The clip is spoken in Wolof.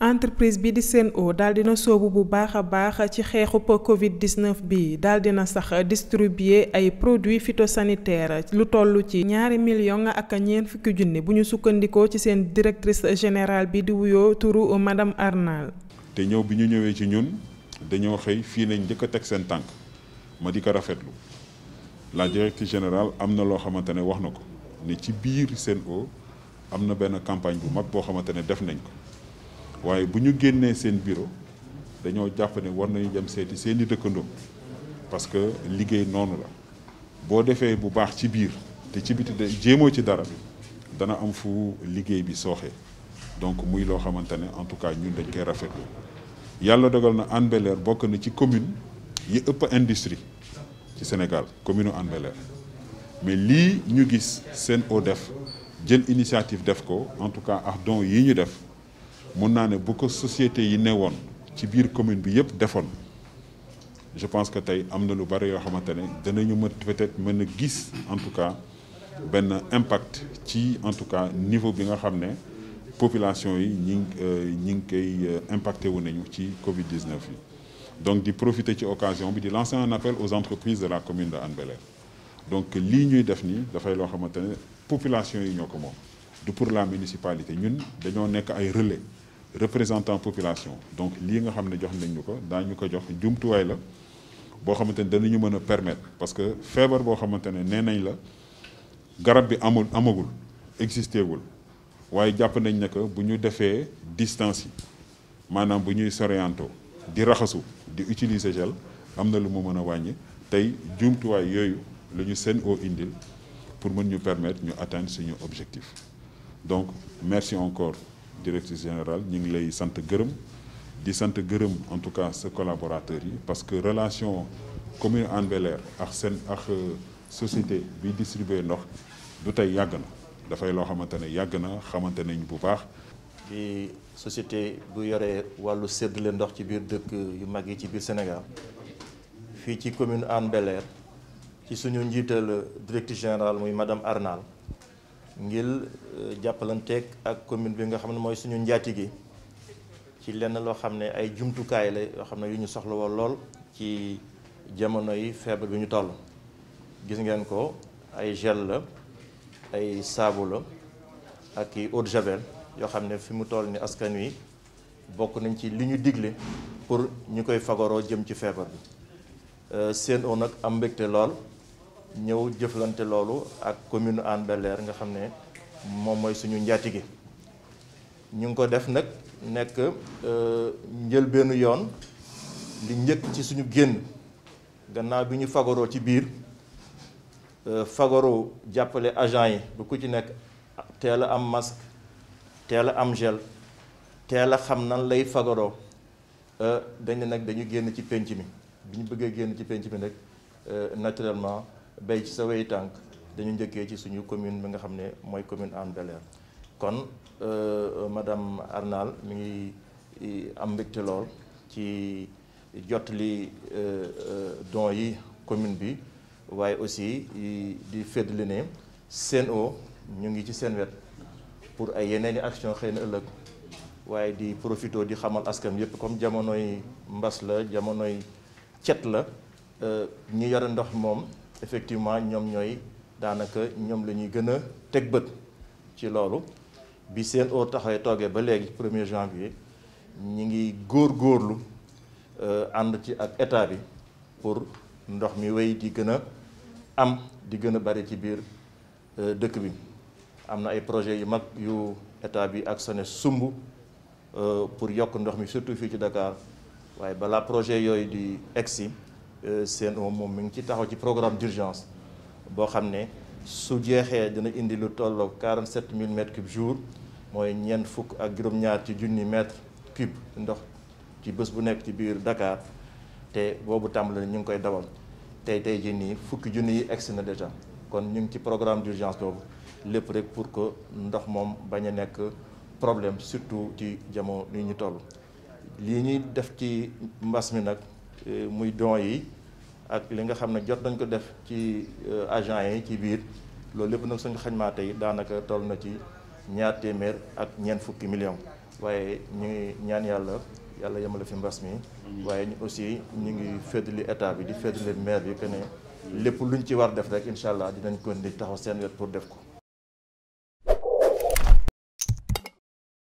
entreprise bi di o daal na soobu bu baax a baax ci xeexu xeexub Covid 19 bi daal na sax distribuer ay produits phytosanitaires lu toll ci ñaari millions ak ñeent fukki junni bu ñu sukkandikoo ci seen directrice générale bi di wuyoo turu madame Arnal. te ñëw bi ñu ñëwee ci ñun dañoo xëy fii nañ njëkk a teg seen tànk ma di ko rafetlu la directrice générale am na loo xamante ne wax na ko ne ci biir seen Sen'Eau am na benn campagne bu mag boo xamante ne def nañ ko. waaye bu ñu génnee seen bureau dañoo jàpp ne war nañu dem seeti seen i dëkkandoo parce que liggéey noonu la boo defee bu baax ci biir te ci biti de jéemoo ci dara bi dana am fu liggéey bi sooxee donc muy loo xamante ne en tout cas ñun dañ koy rafetlu yàlla dogal na Hann bel bokk na ci commune yi ëpp industrie ci Sénégal commune Hann Bel-Air mais lii ñu gis seen o def jël initiative def ko en tout cas ak don yi ñu def mun naa ne bu ko société yi newoon ci biir commune bi yëpp defoon je pense que tey am na lu bari yoo xamante ne danañu mën peut mën a gis en tout cas benn impact ci en tout cas niveau bi nga xam ne population yi ñi euh, ñi ngi koy euh, impacté wu nañu ci Covid 19 yi. donc di profiter ci occasion bi di lancer un appel aux entreprises de la commune de Hann bel donc lii ñuy def nii dafay loo xamante ne population yi ñoo ko moom du pour la municipalité ñun dañoo nekk ay relais. représentant population donc lii nga xam ne jox nañ ñu ko ñu ko jox jumtuwaay la boo xamante ne danañu mën a permettre parce que feebar boo xamante ne nee nañ la garab bi amul amagul existé wul waaye jàpp nañ ne que bu ñu defee distance yi maanaam bu ñuy sorianto di raxasu di utiliser gel am na lu mu mën a wàññi tey jumtuwaay yooyu lu ñu seen oo indil pour mën ñu permettre ñu atteindre suñu objectif donc merci encore. directrice général ñu ngi lay sant gërëm di sant gërëm en tout cas sa collaborateurs yi parce que relation commune Hann bel ak sen ak euh, société bi distribuer ndox du tey yàgg na dafay loo xamante ne yàgg na xamante nañ bu baax di société bu yore wàllu séddale ndox ci biir dëkk yu mag yi ci biir Sénégal fii ci commune Hann Bel-Air ci suñu njiital directrice générale muy madame Arnal ngir euh, jàppalanteeg ak commune bi nga xam ne mooy suñu njaati gi ci lenn loo xam ne ay jumtukaay la yoo xam ne yu ñu soxla woon lool ci jamono yi feebar bi ñu toll gis ngeen ko ay gel la ay saabu la ak i eau de yoo xam ne fi mu toll ni askan wi bokk nañ ci li ñu digle pour ñu koy fagaroo jëm ci feebar bi euh, seen oo nag am mbégte lool ñëw jëflante loolu ak commune Hann bel nga xam ne moom mooy suñu njaatige ñu ngi ko def nag nekk euh, njëlbeenu yoon li njëkk ci suñu génn gannaaw bi ñu fagaroo ci biir euh, fagaroo jàppale agent yi bu ku ci nekk teel a am mask teel a am gel teel a xam nan lay fagaroo euh, dañ ne nag dañu génn ci pénc mi bi ñu bëggee génn ci pénc mi nag naturellement bay ci sa wey tànk dañu njëkkee ci suñu commune bi nga xam ne mooy commune Hann Bel-Air kon euh, euh, madam Arnal mi ngi am mbégte lool ci jot li euh, don yi commune bi waaye aussi di féddali ne o ñu ngi ci seen wet pour ay yeneen i action xëy na ëllëg waaye di profito di xamal askan yépp comme jamonoy mbas la jamonoy cet la ñu yore ndox moom effectivement ñoom ñooy daanaka ñoom la ñuy gën a teg bët ci loolu bi seen oo taxawee toogee ba léegi 1er janvier ñi ngi góor-góorlu euh, ànd ci ak état bi pour ndox mi wéy di gën a am di gën a bari ci biir euh, dëkk bi am na ay projet yu mag yu état bi ak sone sumb euh, pour yokk ndox mi surtout fii ci dakaar waaye balaa projet yooyu di egsi CNO euh, moom mi ngi ci taxaw ci programme d'urgence boo xam ne su jeexee dina indi lu tolloo 47 000 mètres cubes jour mooy ñeent fukk ak juróom-ñaar ci junni mètre cube ndox ci bés bu nekk ci biir dakaar te boobu tàmbali ñu ngi koy dawal tey tey jii nii fukki junni yi si na déjà kon ñu ngi ci programme d'urgence boobu lépp rek pour que ndox moom bañ a nekk problème surtout ci jamono yi ñu toll lii ñuy def ci mbas mi nag euh, muy don yi ak li nga xam ne jot dañ ko def ci euh, agent yi ci biir loolu lépp nag suñu xajmaate yi daanaka toll na ci ñaar téeméer ak ñeent fukki million waaye ñu ngi ñaan yàlla yàlla yemale fi mbas mi waaye ñu aussi ñu ngi féddali état bi di féddali maire bi que ne lépp luñ ci war def rek incha allah dinañ ko di taxaw seen wet pour def ko